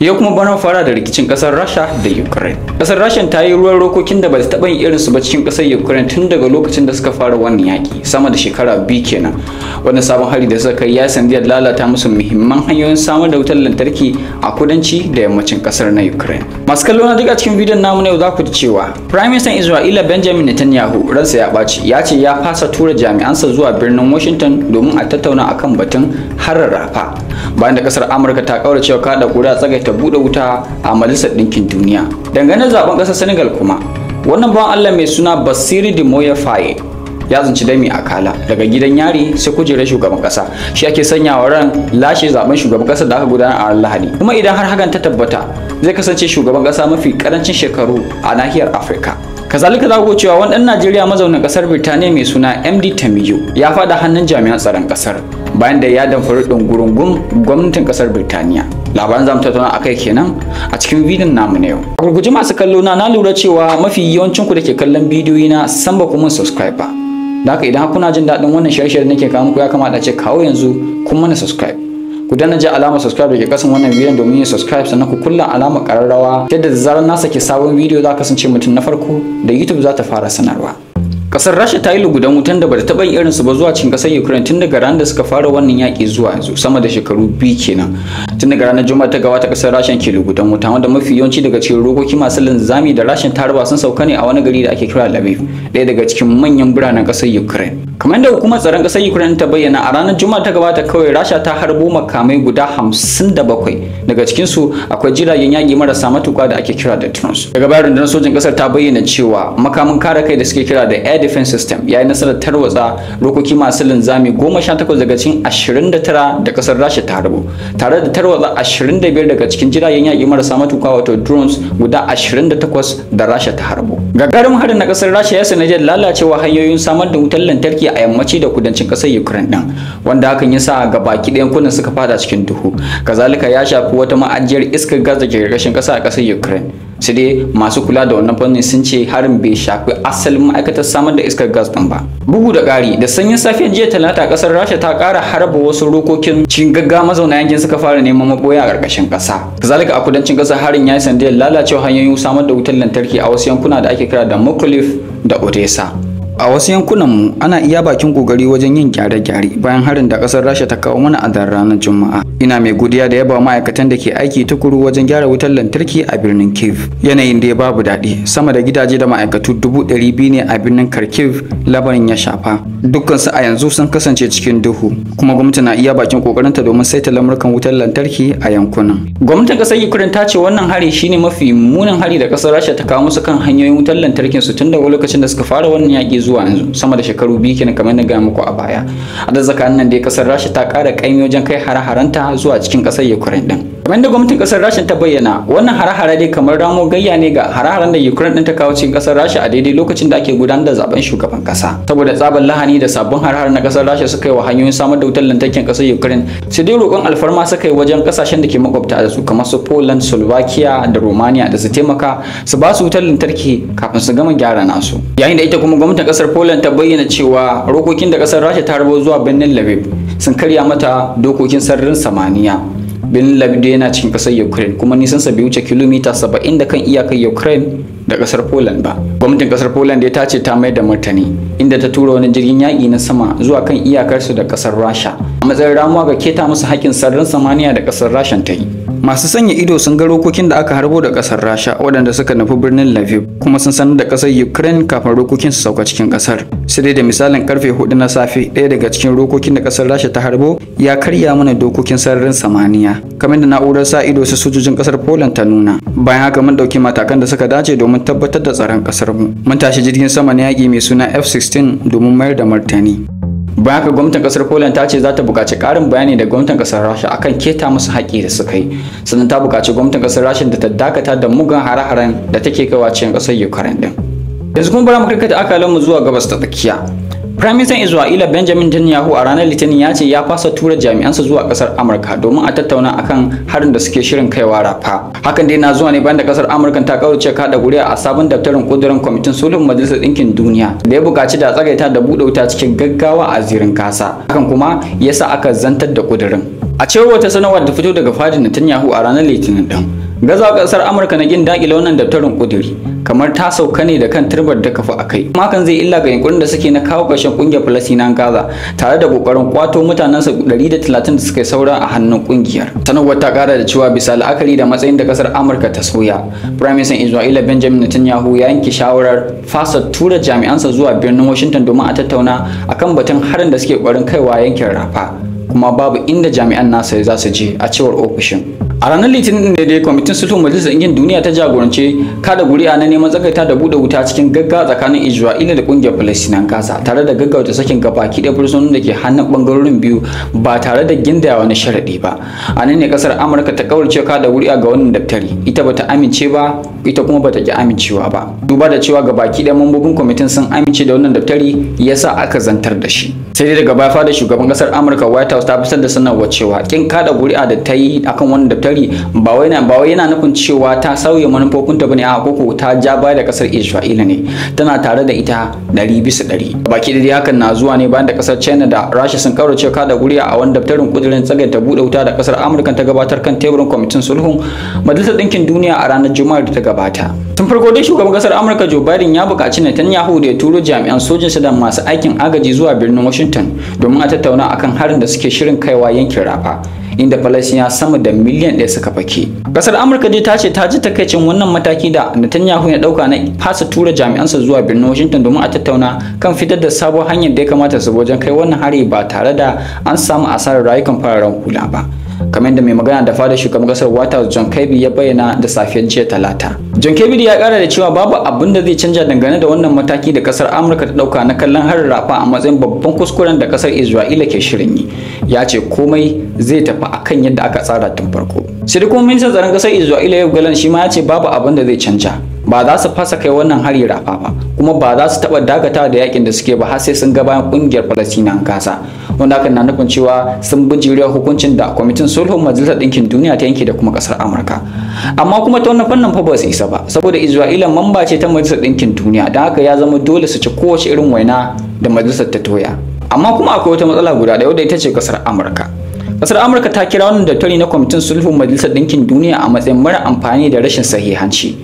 ya kuma bana fara da rikicin kasar Rasha da Ukraine. Kasar Rasha ta yi ruwan rokokin da ba ta taɓa yin irin su ba cikin kasar Ukraine tun daga lokacin da suka fara wannan yaki sama da shekara biyu kenan. Wannan sabon hari da suka kai ya sandiyar lalata musu muhimman hanyoyin samar da wutar lantarki a kudanci da yammacin kasar na Ukraine. Masu kallo na duka cikin bidiyon namu na yau za ku ji cewa Prime Minister Isra'ila Benjamin Netanyahu ransa ya ɓaci ya ce ya fasa tura jami'ansa zuwa birnin Washington domin a tattauna akan batun harar rafa bayan da kasar Amurka ta kaura cewa kada kura tsagaita ta bude wuta a majalisar ɗinkin duniya dangane zaben ƙasar senegal kuma wannan bawan allah mai suna basiri de moya faye ya tsinci dami a kala daga gidan yari sai kujerar shugaban kasa shi ake sanyawa ran lashe zaben shugaban kasa da aka gudanar a lahadi kuma idan har hakan ta tabbata zai kasance shugaban kasa mafi karancin shekaru a nahiyar afirka kazalika za ku cewa wani dan najeriya mazaunin ƙasar birtaniya mai suna md tamiyo ya faɗa hannun jami'an tsaron ƙasar bayan da ya damfari gurungun gwamnatin ƙasar Birtaniya. Labaran zamu tattauna a kai kenan a cikin bidiyon namu na yau. A gurguje masu kallo na na lura cewa mafi yawancin ku da ke kallon bidiyoyi na san ba kuma subscribe ba. Da haka idan kuna jin daɗin wannan shirye-shirye nake kawo muku ya kamata a ce kawo yanzu ku mana subscribe. ku danna ji alamar subscribe da ke kasan wannan bidiyon domin yin subscribe sannan ku kulla alamar kararrawa yadda da zarar na saki sabon bidiyo za kasance mutum na farko da YouTube za ta fara sanarwa. Kasar Rasha ta yi lugudan wutan da bata taɓa irin su ba zuwa cikin kasar Ukraine tun daga ranar da suka fara wannan yaki zuwa yanzu sama da shekaru biyu kenan. Tun daga ranar Juma'a ta gawa ta kasar Rasha ke lugudan wuta wanda mafi yawanci daga cikin rokoki masu linzami da Rasha ta raba sun sauka ne a wani gari da ake kira Lviv, ɗaya daga cikin manyan biranen kasar Ukraine. kamar da hukumar tsaron ƙasar ukraine ta bayyana a ranar juma'a ta gabata kawai rasha ta harbo makamai guda 57 daga cikinsu akwai jiragen yaki marasa matuƙa da ake kira da drones daga bayan rundunar sojin ƙasar ta bayyana cewa makamin kare kai da suke kira da air defense system ya yi nasarar tarwatsa rokoki masu linzami 18 daga cikin 29 da ƙasar rasha ta harbo tare da tarwatsa 25 daga cikin jiragen yaƙi marasa matuƙa wato drones guda 28 da rasha ta harbo gagarin harin na ƙasar rasha ya sanadiyar lalacewa hanyoyin samar da wutar lantarki a yammaci da kudancin kasar Ukraine din wanda hakan ya sa ga baki ɗayan kunan suka fada cikin duhu kazalika ya shafi wata ma'ajiyar iskar gas da ke ƙarƙashin ƙasa a ƙasar Ukraine sai dai masu kula da wannan fannin sun ce harin bai shafi asalin ma'aikatar samar da iskar gas ɗin ba bugu da ƙari da sanyin safiyar jiya talata ƙasar rasha ta ƙara harba wasu rokokin cikin gagga mazauna yankin suka fara neman maboya a ƙarƙashin ƙasa kazalika a kudancin ƙasar harin ya yi sandiyar lalacewa hanyoyin samar da wutar lantarki a wasu yankuna da ake kira da mokulif da odessa A wasu yankunan mu ana iya bakin kokari wajen yin gyare-gyare bayan harin da ƙasar Rasha ta kawo mana a ranar Juma'a. ina mai godiya da yaba ma'aikatan da ke aiki tukuru wajen gyara wutar lantarki a birnin Kiev. Yanayin da ya babu daɗi, sama da gidaje da ma'aikatu dubu ɗari biyu ne a birnin Kharkiv labarin ya shafa. Dukkansu a yanzu sun kasance cikin duhu, kuma gwamnati na iya bakin ƙoƙarinta domin saita lamurkan wutar lantarki a yankunan. Gwamnatin Kasar Ukraine ta ce wannan hari shine mafi munin hari da ƙasar Rasha ta kawo musu kan hanyoyin wutar lantarkin su tun daga lokacin da suka fara wannan yaƙi zuwa yanzu, sama da shekaru biyu kenan kamar na gaya muku baya a da tsakanin nan dai kasar rasha ta kara kaimi wajen kai hare-harenta zuwa cikin ƙasar ukraine din kamar yadda gwamnatin kasar rasha ta bayyana wannan hare-hare dai kamar ramo gayya ne ga hare-haren da ukraine din ta kawo cikin kasar rasha a daidai lokacin da ake gudanar da zaben shugaban kasa saboda tsabar lahani da sabon hare-hare na kasar rasha suka yi wa hanyoyin samar da wutar lantarkin kasar ukraine sai dai roƙon alfarma suka yi wajen kasashen da ke makwabta da su kamar su poland slovakia da romania da su taimaka su ba su wutar lantarki kafin su gama gyara nasu yayin da ita kuma gwamnatin kasar poland ta bayyana cewa rokokin da kasar rasha ta harbo zuwa birnin lviv sun karya mata dokokin sararin samaniya bin labde yana cikin kasar ukraine kuma nisan sa bai wuce kilomita saba'in da kan iyakar ukraine da kasar poland ba gwamnatin kasar poland ya tace ta mai da martani inda ta tura wani jirgin yaƙi na sama zuwa kan iyakarsu da kasar rasha a matsayin ramuwa ga keta musu haƙƙin sararin samaniya da kasar rasha ta yi Masu sanya ido sun ga rokokin da aka harbo da kasar Rasha waɗanda suka nufi birnin Lviv kuma sun sanar da kasar Ukraine kafin rokokin su sauka cikin kasar. Sai da misalin karfe hudu na safe ɗaya daga cikin rokokin da kasar Rasha ta harbo ya karya mana dokokin sararin samaniya kamar da na'urar sa ido su sojojin kasar Poland ta nuna. Bayan haka mun ɗauki matakan da suka dace domin tabbatar da tsaron kasar mu. Mun tashi jirgin sama na yaƙi mai suna F-16 domin mayar da martani. bayan ka gwamnatin kasar poland ta ce za ta buƙaci ƙarin bayani da gwamnatin kasar rasha akan keta musu haƙƙi da suka yi sannan ta bukaci gwamnatin kasar rasha da ta dakata da mugan hare-haren da take kaiwa cikin ƙasar ukraine din yanzu kuma bara mu aka akalanmu zuwa gabas ta tsakiya Minister Isra'ila Benjamin Netanyahu a ranar Litinin ya ce ya fasa tura jami'ansa zuwa kasar Amurka domin a tattauna akan harin da suke shirin kaiwa Rafa. Hakan dai na zuwa ne bayan da kasar Amurka ta kaurace kada guriya a sabon daftarin kudurin kwamitin sulhun Majalisar Dinkin Duniya da ya buƙaci da tsagaita da buɗe wuta cikin gaggawa a zirin kasa. Hakan kuma yasa aka zantar da kudurin. A cewar wata sanarwa da fito daga fadin Netanyahu a ranar Litinin din, gaza kasar amurka na kin dakile wannan daftarin kuduri kamar ta sauka ne da kan turbar da kafa a kai hakan zai illa ga yankunan da suke na kawo ƙarshen ƙungiyar falasinan gaza tare da ƙoƙarin kwato mutanensa 130 da talatin da suka saura a hannun ƙungiyar. sanarwar ta kara da cewa bisa la'akari da matsayin da kasar amurka ta soya prime minister isra'ila benjamin netanyahu ya yanke shawarar fasa tura jami'ansa zuwa birnin washington domin a tattauna akan batun harin da suke ƙoƙarin kaiwa yankin rafa kuma babu inda jami'an nasa za su je a cewar ofishin a ranar litinin ne dai kwamitin sulhu majalisar ɗinkin duniya ta jagorance kada guri'a na neman tsakaita da buɗe wuta cikin gaggawa tsakanin isra'ila da ƙungiyar palestinian gaza tare da gaggauta sakin gabaki kiɗe fursunan da ke hannun ɓangarorin biyu ba tare da gindawa na sharaɗi ba a nan ne ƙasar amurka ta kawarce kada guri'a ga wannan daftari ita bata amince ba ita kuma bata ki amincewa ba duba da cewa gabaki kiɗe mambobin kwamitin sun amince da wannan daftari yasa aka zantar da shi sai dai daga baya fada shugaban ƙasar amurka white House ta fitar da sanarwa cewa kin kada guri'a da ta yi akan wanda daftari ba wai ba wai yana nufin cewa ta sauya manufofinta bane a koko ta ja baya da kasar Isra'ila ne tana tare da ita 100 100 baki da hakan na zuwa ne bayan da kasar China da Russia sun kaurace kada guri'a a wani daftarin kudirin tsagai ta bude wuta da kasar Amurka ta gabatar kan teburin kwamitin sulhun majalisar dinkin duniya a ranar Juma'ar da ta gabata tun farko dai shugaban kasar amurka joe biden ya buƙaci netanyahu da ya turo jami'an sojinsa da masu aikin agaji zuwa birnin washington domin a tattauna akan harin da suke shirin kaiwa yankin rafa inda falasina sama da miliyan ɗaya suka fake kasar amurka dai ta ce ta ji takaicin wannan mataki da netanyahu ya ɗauka na fasa tura jami'ansa zuwa birnin washington domin a tattauna kan fitar da sabon hanyar da ya kamata su wajen kai wannan hari ba tare da an samu asarar rayukan fararen hula ba kamar yadda mai magana da fadar shugaban kasar white house john kirby ya bayyana da safiyar jiya talata john kirby ya kara da cewa babu abin da zai canja dangane da wannan mataki da kasar amurka ta dauka na kallon harin rafa a matsayin babban kuskuren da kasar isra'ila ke shirin yi ya ce komai zai tafi akan yadda aka tsara tun farko sai kuma ministan tsaron kasar isra'ila yau galan shi ma ya ce babu abin da zai canja ba za su fasa kai wannan hari rafa ba kuma ba za su taba dagata da yakin da suke ba har sai sun ga bayan kungiyar Palestina an kasa wanda hakan na nufin cewa sun bijirewa hukuncin da kwamitin sulhun majalisar ɗinkin duniya ta yanke da kuma ƙasar Amurka amma kuma ta wannan fannin fa ba su isa ba saboda Isra'ila mamba ce ta majalisar ɗinkin duniya don haka ya zama dole su ci kowace irin waina da majalisar ta toya amma kuma akwai wata matsala guda da wadda ita ce ƙasar Amurka Kasar Amurka ta kira wannan daftari na kwamitin sulhun Majalisar Ɗinkin Duniya a matsayin mara amfani da rashin sahihanci.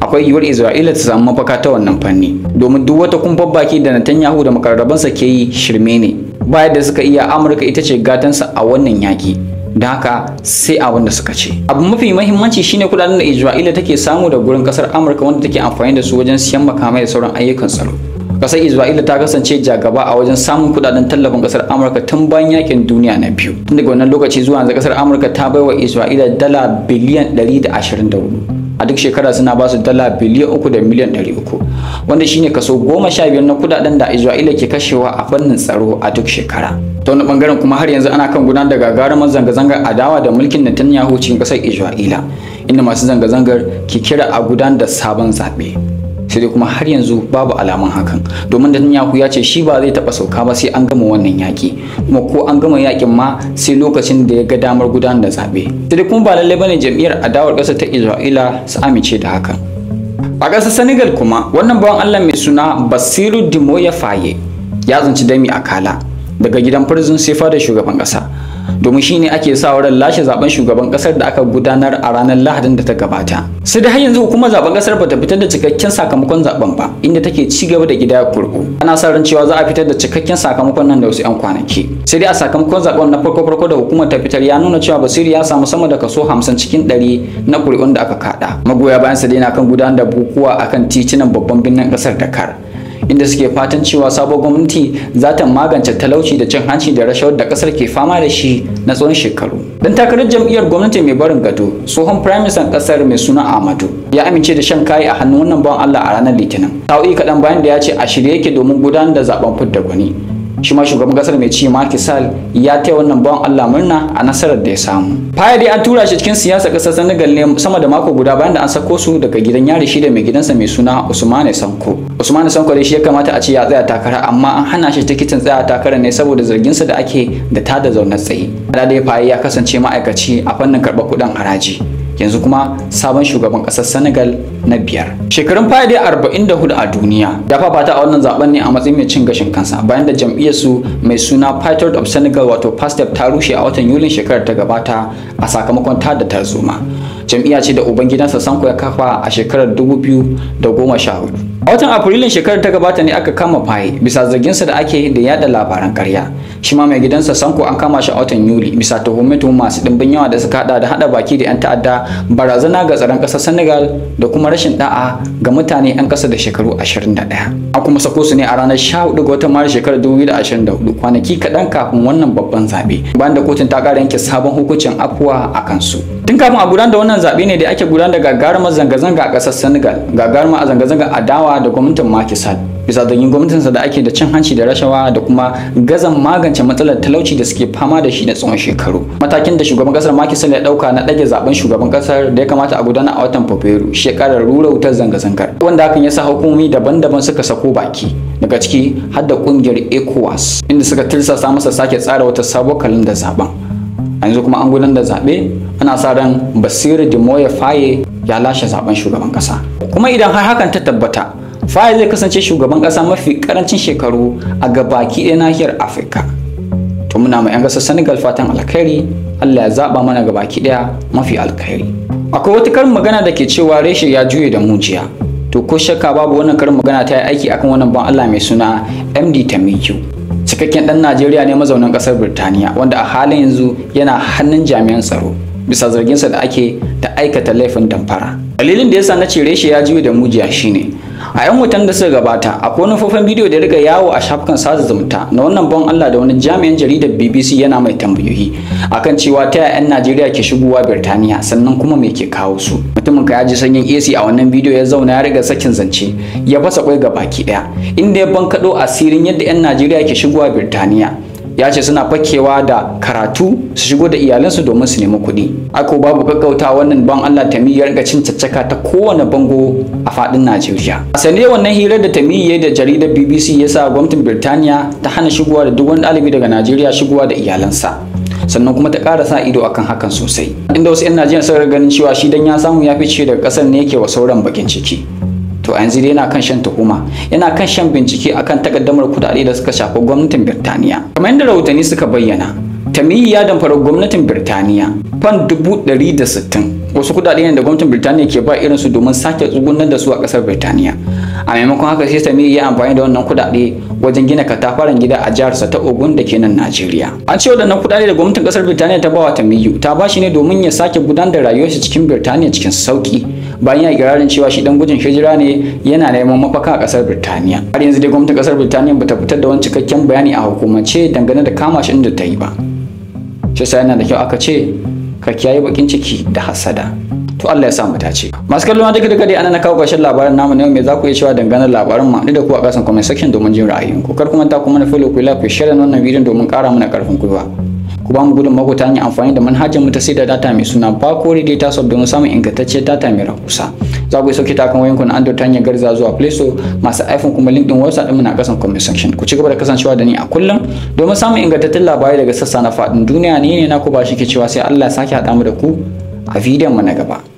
akwai yiwuwar Isra'ila ta samu mafaka ta wannan fanni domin duk wata kumfar baki da Netanyahu da makarrabansa ke yi shirme ne bayan da suka iya Amurka ita ce gatansa a wannan yaki da haka sai abin da suka ce abu mafi mahimmanci shine kudaden da Isra'ila take samu da gurin kasar Amurka wanda take amfani da su wajen siyan makamai da sauran ayyukan tsaro kasar isra'ila ta kasance jagaba a wajen samun kudaden tallafin kasar amurka tun bayan yakin duniya na biyu tun daga wannan lokaci zuwa yanzu kasar amurka ta baiwa isra'ila dala biliyan 124 a duk shekara suna ba su dala biliyan uku da miliyan ɗari uku wanda shine kaso goma sha biyar na kudaden da isra'ila ke kashewa a fannin tsaro a duk shekara ta wani bangaren kuma har yanzu ana kan gudanar da gagarumar zanga-zangar adawa da mulkin netanyahu cikin ƙasar isra'ila inda masu zanga-zangar ke kira a gudanar da sabon zaɓe sai dai kuma har yanzu babu alamun hakan domin da Netanyahu ya ce shi ba zai taba sauka ba sai an gama wannan yaki kuma ko an gama yakin ma sai lokacin da ya ga damar gudanar da zaɓe sai dai kuma ba lalle bane jam'iyyar adawar ƙasa ta Isra'ila su amince da hakan a ƙasar Senegal kuma wannan bawan Allah mai suna Basiru Dimoye Faye ya zanci dami a kala daga gidan prison sai da shugaban ƙasa domin shine ake sa wurin lashe zaben shugaban kasar da aka gudanar a ranar Lahadin da ta gabata. Sai da har yanzu hukumar zaben kasar bata fitar da cikakken sakamakon zaben ba inda take ci gaba da gida kurku. Ana sa ran cewa za a fitar da cikakken sakamakon nan da wasu 'yan kwanaki. Sai dai a sakamakon zaben na farko farko da hukumar ta fitar ya nuna cewa Basiru ya samu sama da kaso 50 cikin 100 na kuri'un da aka kada. Magoya bayan sa dai na kan gudanar da bukuwa akan titunan babban birnin kasar Dakar. inda suke fatan cewa sabon gwamnati za ta magance talauci da cin hanci da rashawar da kasar ke fama da shi na tsawon shekaru. Dan takarar jam'iyyar gwamnati mai barin gado, tsohon Prime Minister kasar mai suna Ahmadu ya amince da shan kai a hannun wannan bawan Allah a ranar Litinin. Sa'o'i kaɗan bayan da ya ce a shirye yake domin gudanar da zaben fidda gwani. shi ma shugaban kasar mai ci Macky Sall ya taya wannan bawan Allah murna a nasarar da ya samu Faya dai an tura shi cikin siyasa kasar Senegal ne sama da mako guda bayan da an sako su daga gidan yari shi da mai gidansa mai suna Usmane Sanko Usmane Sanko dai shi ya kamata a ce ya tsaya takara amma an hana shi tikitin tsaya takara ne saboda zarginsa da ake da tada zaune tsaye da dai Faye ya kasance ma'aikaci a fannin karɓar kuɗin haraji yanzu kuma sabon shugaban ƙasar Senegal na biyar. Shekarun arba'in da hudu a duniya ya fafata a wannan zaben ne a matsayin mai cin gashin kansa bayan da jam'iyyarsu mai suna Patriot of Senegal wato PASTEP ta rushe a watan Yulin shekarar ta gabata a sakamakon ta-da-ta zuma, Jam'iyya ce da ubangidansa Sanko ya kafa a shekarar goma sha hudu. A watan Afrilun shekarar ta gabata ne aka kama Faye bisa zarginsa da ake da yada labaran ƙarya. shi ma mai gidansa sanko an kama shi a watan yuli bisa tuhume masu dimbin yawa da suka hada da hada baki da 'yan ta'adda barazana ga tsaron kasar senegal da kuma rashin da'a ga mutane 'yan kasa da shekaru 21 an kuma sako su ne a ranar 14 ga watan maris shekarar 2024 kwanaki kaɗan kafin wannan babban zaɓe bayan da kotun ta ƙara yanke sabon hukuncin afuwa a kansu tun kafin a gudanar da wannan zaɓe ne da ake gudanar da gagarumar zanga-zanga a ƙasar senegal gagarumar a zanga-zanga adawa da gwamnatin Macky bisa zargin gwamnatinsa da ake da cin hanci da rashawa da kuma gazan magance matsalar talauci da suke fama da shi na tsawon shekaru matakin da shugaban kasar Macky Sall ya dauka na dage zaben shugaban kasar da ya kamata a gudana a watan Fabrairu shekarar rura wutar zanga-zangar wanda hakan ya sa hukumomi daban-daban suka sako baki daga ciki har da kungiyar ECOWAS inda suka tirsasa masa sake tsara wata sabuwar kalandar zaben yanzu kuma an gudanar da zaɓe ana sa ran basiru dimoye faye ya lashe zaben shugaban kasa kuma idan har hakan ta tabbata Faye zai kasance shugaban ƙasa mafi karancin shekaru a gabaki ɗaya nahiyar Afirka. To muna ma 'yan ƙasar Senegal fatan alkhairi, Allah ya zaɓa mana gabaki ɗaya mafi alkhairi. Akwai wata karin magana da ke cewa reshe ya juye da mujiya. To ko shakka babu wannan karin magana ta yi aiki akan wannan ban Allah mai suna MD Tamiku. Cikakken ɗan Najeriya ne mazaunin ƙasar Birtaniya wanda a halin yanzu yana hannun jami'an tsaro bisa zarginsa da ake da aikata laifin damfara. Dalilin da yasa na ce reshe ya juye da mujiya shine a yan wutan da suka gabata akwai wani fofan bidiyo da rika yawo a shafukan sada zumunta na wannan ban Allah da wani jami'an jaridar BBC yana mai tambayoyi akan cewa ta yan Najeriya ke shigowa Birtaniya sannan kuma me ke kawo su mutumin ka ji sanyin AC a wannan bidiyo ya zauna ya riga sakin zance ya fasa kwai ga baki daya inda ya kado asirin yadda yan Najeriya ke shigowa Birtaniya ya ce suna fakewa da karatu su shigo da iyalansu domin su nemi kuɗi ako babu gaggauta wannan ban Allah ta ya rika cin caccaka ta kowane bango a faɗin Najeriya asali wannan hirar da tami ya da jaridar BBC ya sa gwamnatin Birtaniya ta hana shigowa da duk wani ɗalibi daga Najeriya shigowa da iyalansa sannan kuma ta ƙara sa ido akan hakan sosai inda wasu 'yan Najeriya suka ganin cewa shi dan ya samu ya fice daga ƙasar ne yake wa sauran bakin ciki to a yanzu dai yana kan shan tuhuma yana kan shan bincike akan takaddamar kudade da suka shafi gwamnatin Birtaniya kamar yadda rahotanni suka bayyana Tamiyi ya damfara gwamnatin Birtaniya fan 160 wasu kudade ne da gwamnatin Birtaniya ke ba irin su domin sake tsugunar da su a kasar Birtaniya a maimakon haka sai Tamiyi ya amfani da wannan kudade wajen gina katafaren gida a sa ta Ogun da ke nan Najeriya. An ce waɗannan kudade da gwamnatin ƙasar Birtaniya ta bawa Tamiyu ta ba shi ne domin ya sake gudanar da rayuwarsa cikin Birtaniya cikin sauki. bayan ya ikirarin cewa shi dan gujin hijira ne yana neman mafaka a kasar Birtaniya har yanzu dai gwamnatin kasar Birtaniya bata fitar da wani cikakken bayani a hukumance dangane da kama shi inda ta yi ba shi sai yana da kyau aka ce ka kiyaye bakin ciki da hasada to Allah ya sa mu dace masu kallon duka duka dai ana na kawo ƙarshen labarin namu na yau me za ku iya cewa dangane da labarin mu da ku a kasan comment section domin jin ra'ayinku kar kuma ta kuma na follow ku like ku share wannan bidiyon domin ƙara mana ƙarfin gwiwa ku ba mu gudun ta hanyar amfani da manhajar mu ta sai da data mai suna Bakori Data Shop don samun ingantacciyar data mai rahusa. Za ku sauke takan kan wayanku na Android ta hanyar garza zuwa Play Store masu iPhone kuma link din WhatsApp mu na kasan comment section. Ku ci gaba da kasancewa da ni a kullum domin samun ingantattun labarai daga sassa na faɗin duniya ne ne na ku ba shi ke cewa sai Allah ya sake haɗa mu da ku a bidiyon mu na gaba.